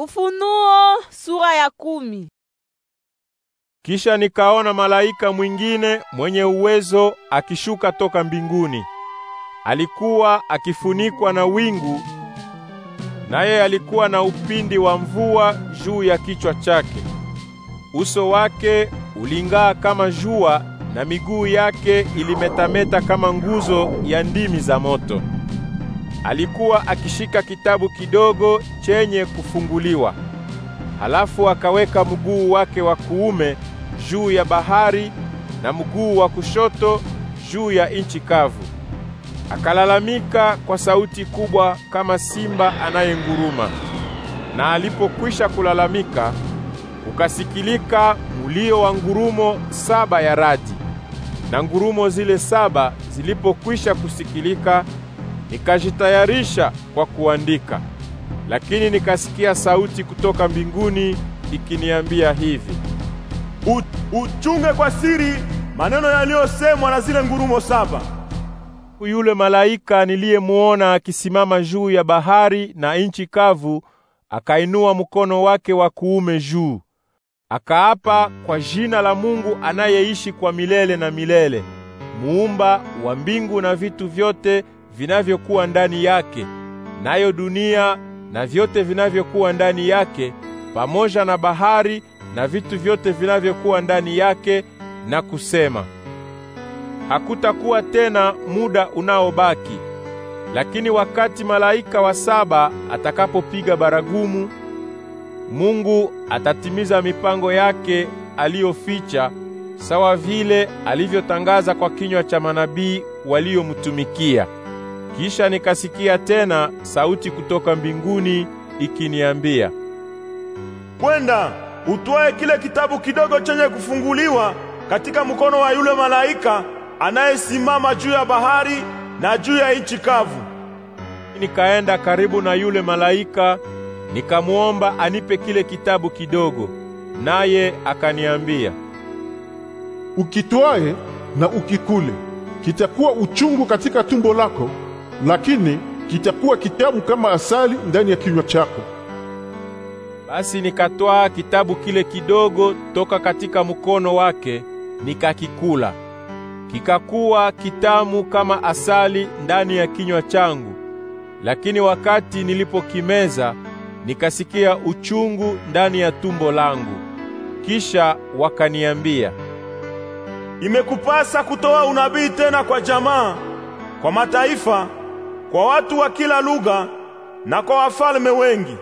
Ufunuo sura ya kumi. Kisha nikaona malaika mwingine mwenye uwezo akishuka toka mbinguni. Alikuwa akifunikwa na wingu, naye alikuwa na upindi wa mvua juu ya kichwa chake. Uso wake uling'aa kama jua na miguu yake ilimetameta kama nguzo ya ndimi za moto alikuwa akishika kitabu kidogo chenye kufunguliwa. Halafu akaweka mguu wake wa kuume juu ya bahari na mguu wa kushoto juu ya inchi kavu. Akalalamika kwa sauti kubwa kama simba anayenguruma. Na alipokwisha kulalamika, ukasikilika mulio wa ngurumo saba ya radi. Na ngurumo zile saba zilipokwisha kusikilika, nikajitayarisha kwa kuandika, lakini nikasikia sauti kutoka mbinguni ikiniambia hivi: U, uchunge kwa siri maneno yaliyosemwa na zile ngurumo saba. Yule malaika niliyemuona akisimama juu ya bahari na inchi kavu akainua mkono wake wa kuume juu, akaapa kwa jina la Mungu anayeishi kwa milele na milele, muumba wa mbingu na vitu vyote vinavyokuwa ndani yake, nayo dunia na vyote vinavyokuwa ndani yake, pamoja na bahari na vitu vyote vinavyokuwa ndani yake, na kusema, hakutakuwa tena muda unaobaki. Lakini wakati malaika wa saba atakapopiga baragumu, Mungu atatimiza mipango yake aliyoficha, sawa vile alivyotangaza kwa kinywa cha manabii waliomtumikia. Kisha nikasikia tena sauti kutoka mbinguni ikiniambia, kwenda utwae kile kitabu kidogo chenye kufunguliwa katika mkono wa yule malaika anayesimama juu ya bahari na juu ya nchi kavu. Nikaenda karibu na yule malaika nikamwomba anipe kile kitabu kidogo, naye akaniambia, ukitwae na ukikule kitakuwa uchungu katika tumbo lako lakini kitakuwa kitamu kama asali ndani ya kinywa chako. Basi nikatwaa kitabu kile kidogo toka katika mkono wake, nikakikula. Kikakuwa kitamu kama asali ndani ya kinywa changu, lakini wakati nilipokimeza nikasikia uchungu ndani ya tumbo langu. Kisha wakaniambia, imekupasa kutoa unabii tena kwa jamaa, kwa mataifa kwa watu wa kila lugha na kwa wafalme wengi.